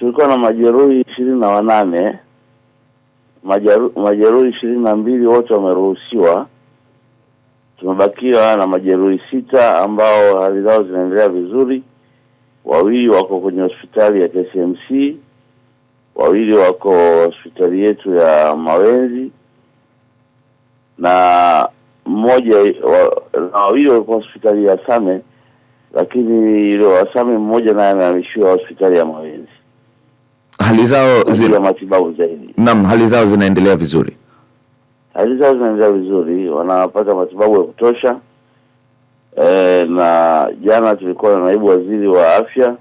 tulikuwa na majeruhi ishirini na wanane majeruhi ishirini na mbili wote wameruhusiwa. Tumebakiwa na majeruhi sita ambao hali zao zinaendelea vizuri. Wawili wako kwenye hospitali ya KCMC, wawili wako hospitali yetu ya Mawenzi na mmoja wa, na wawili walikuwa hospitali ya Same, lakini yule wasame mmoja naye amehamishiwa hospitali ya Mawenzi hali zao zina matibabu zaidi. Naam, hali zao zinaendelea vizuri. Hali zao zinaendelea vizuri, wanapata matibabu ya kutosha. E, na jana tulikuwa na naibu waziri wa afya,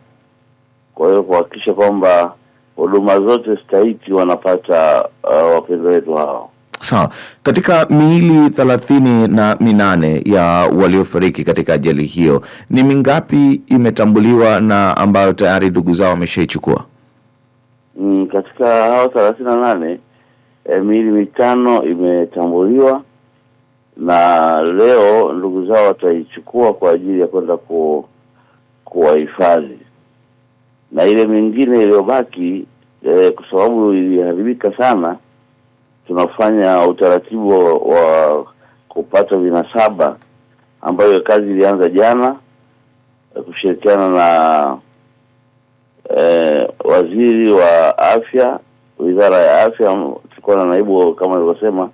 kwa hiyo kuhakikisha kwamba huduma zote stahiki wanapata uh, wapendwa wetu hao. Sawa. Katika miili thelathini na minane ya waliofariki katika ajali hiyo, ni mingapi imetambuliwa na ambayo tayari ndugu zao wameshaichukua? mm, katika hao thelathini na nane eh, miili mitano imetambuliwa na leo ndugu zao wataichukua kwa ajili ya kwenda ku, kuwahifadhi na ile mingine iliyobaki eh, kwa sababu iliharibika sana, tunafanya utaratibu wa kupata vinasaba ambayo kazi ilianza jana eh, kushirikiana na eh, waziri wa afya, wizara ya afya, tulikuwa na naibu kama nilivyosema,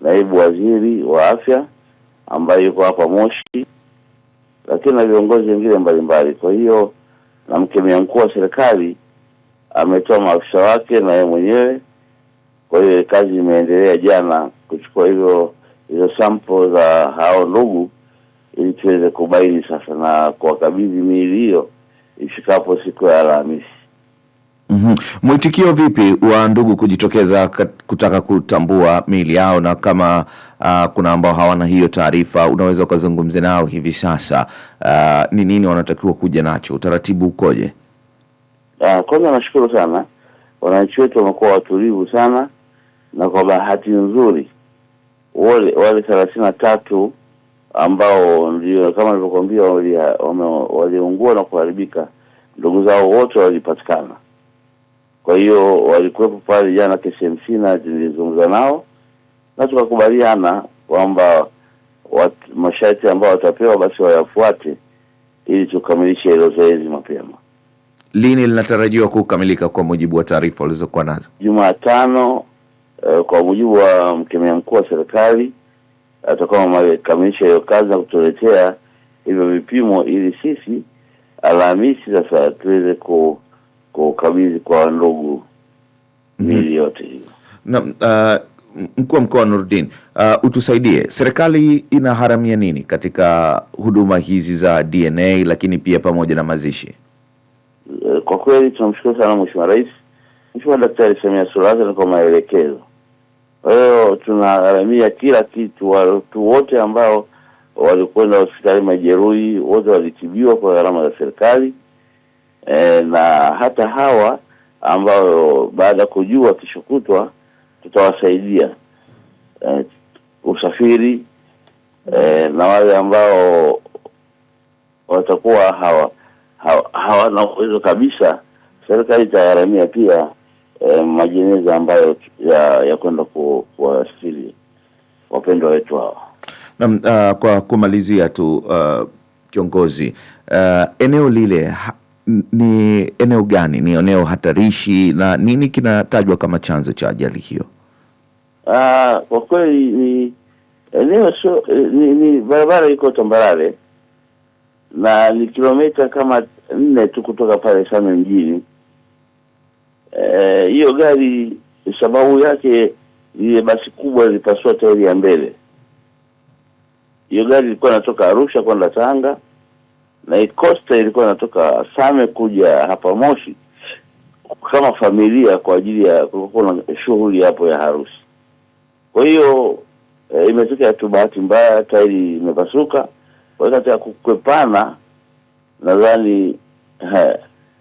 naibu waziri wa afya ambaye yuko hapa Moshi, lakini na viongozi wengine mbalimbali. Kwa hiyo na mkemia mkuu wa serikali ametoa maafisa wake na yeye mwenyewe. Kwa hiyo kazi imeendelea jana kuchukua hizo hizo sample za hao ndugu ili tuweze kubaini sasa na kuwakabidhi miili hiyo ifikapo siku ya Alhamisi. Mm -hmm. Mwitikio vipi wa ndugu kujitokeza kutaka kutambua miili yao, na kama uh, kuna ambao hawana hiyo taarifa, unaweza ukazungumza nao hivi sasa, ah, ni uh, nini wanatakiwa kuja nacho, utaratibu ukoje? Uh, kwanza nashukuru sana, wananchi wetu wamekuwa watulivu sana, na kwa bahati nzuri wale wale thelathini na tatu ambao ndio kama nilivyokuambia waliungua na kuharibika, ndugu zao wote walipatikana. Kwa hiyo walikuwepo pale jana KCMC na zilizungumza nao na tukakubaliana kwamba masharti ambao watapewa basi wayafuate ili tukamilishe hilo zoezi mapema. Lini linatarajiwa kukamilika kwa mujibu wa taarifa walizokuwa nazo? Jumatano, uh, kwa mujibu wa mkemea mkuu wa serikali atakuwa amekamilisha hiyo kazi na kutuletea hivyo vipimo ili sisi Alhamisi sasa tuweze kukabidhi kwa ndugu mili mhm. yote hiyo. Na uh, mkuu wa mkoa Nurdin, uh, utusaidie, serikali inaharamia nini katika huduma hizi za DNA lakini pia pamoja na mazishi? Eh, kwa kweli tunamshukuru sana Mheshimiwa Rais, Mheshimiwa Daktari Samia Suluhu Hassan kwa maelekezo Leo tunagharamia kila kitu, watu wote ambao walikwenda hospitali majeruhi, wote walitibiwa kwa gharama za serikali e, na hata hawa ambao baada ya kujua kishukutwa tutawasaidia e, usafiri e, na wale ambao watakuwa hawa hawana hawa uwezo kabisa, serikali itagharamia pia eh, majeneza ambayo ya, ya kwenda kuwasili wapendwa wetu hao. Na, uh, ah, kwa kumalizia tu uh, kiongozi uh, eneo lile ha, ni eneo gani? Ni eneo hatarishi na nini kinatajwa kama chanzo cha ajali hiyo? Uh, kwa kweli ni eneo sio ni, ni barabara iko tambarare na ni kilomita kama nne tu kutoka pale Same mjini. Eh, hiyo e, gari sababu yake ile basi kubwa ilipasua tairi ya mbele. Hiyo gari ilikuwa inatoka Arusha kwenda Tanga na Ikosta ilikuwa inatoka Same kuja hapa Moshi kama familia kwa ajili ya kulikuwa na shughuli hapo ya harusi. Kwa hiyo e, imetokea tu bahati mbaya tairi imepasuka. Kwa hiyo katika kukwepana nadhani eh,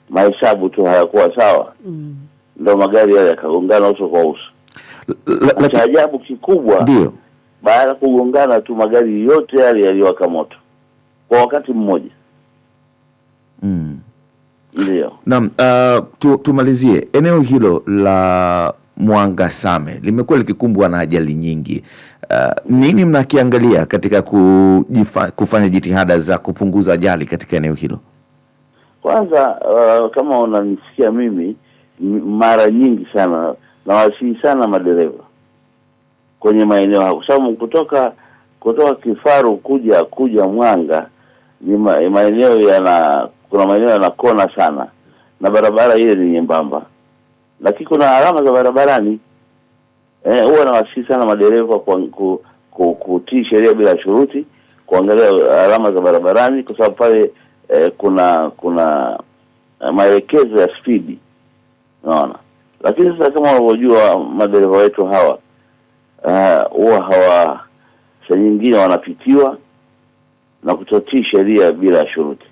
mahesabu tu hayakuwa sawa mm. Ndo magari yale yakagongana uso kwa uso. Cha ajabu kikubwa ndio baada ya kugongana tu magari yote yale yaliwaka moto kwa wakati mmoja mm. Ndio nam Uh, ah, tu, tumalizie eneo hilo la mwanga same limekuwa likikumbwa na ajali nyingi. Uh, nini mnakiangalia katika kujifa, kufanya jitihada za kupunguza ajali katika eneo hilo? Kwanza uh, kama unanisikia mimi, mara nyingi sana nawasihi sana madereva kwenye maeneo hayo, kwa sababu kutoka kutoka Kifaru kuja kuja Mwanga ni maeneo yana, kuna maeneo yanakona sana na barabara ile ni nyembamba, lakini kuna alama za barabarani. Eh, huwa eh, nawasihi sana madereva kutii sheria bila shuruti, kuangalia alama za barabarani, kwa sababu pale eh, kuna kuna eh, maelekezo ya spidi unaona. Lakini sasa kama unavyojua madereva wetu hawa eh, huwa uh, hawa saa nyingine wanapitiwa na kutotii sheria bila shuruti.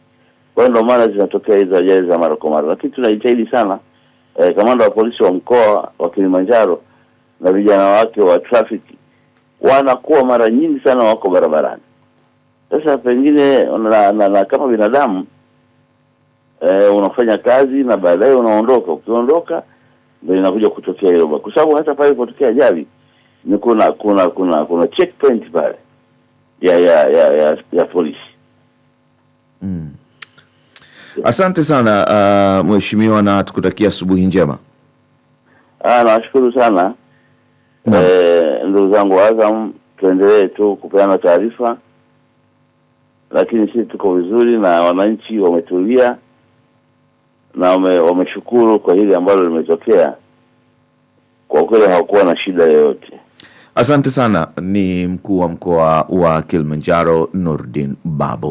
Kwa ndio maana zinatokea hizo ajali za mara kwa mara, lakini tunajitahidi sana eh, kamanda wa polisi wa mkoa wa Kilimanjaro na vijana wake wa trafiki wanakuwa mara nyingi sana wako barabarani. Sasa pengine na, na, na kama binadamu e, unafanya kazi na baadaye unaondoka. Ukiondoka ndio inakuja kutokea hiyo kwa sababu hata pale ipotokea ajali ni kuna kuna kuna kuna checkpoint pale ya ya ya ya, ya polisi mm. Asante sana uh, mheshimiwa, na tukutakia asubuhi njema. Ah, nawashukuru sana eh, ndugu zangu Azam, tuendelee tu kupeana taarifa lakini sisi tuko vizuri na wananchi wametulia na wameshukuru kwa hili ambalo limetokea. Kwa kweli hawakuwa na shida yoyote. Asante sana. Ni mkuu wa mkoa wa Kilimanjaro Nurdin Babo.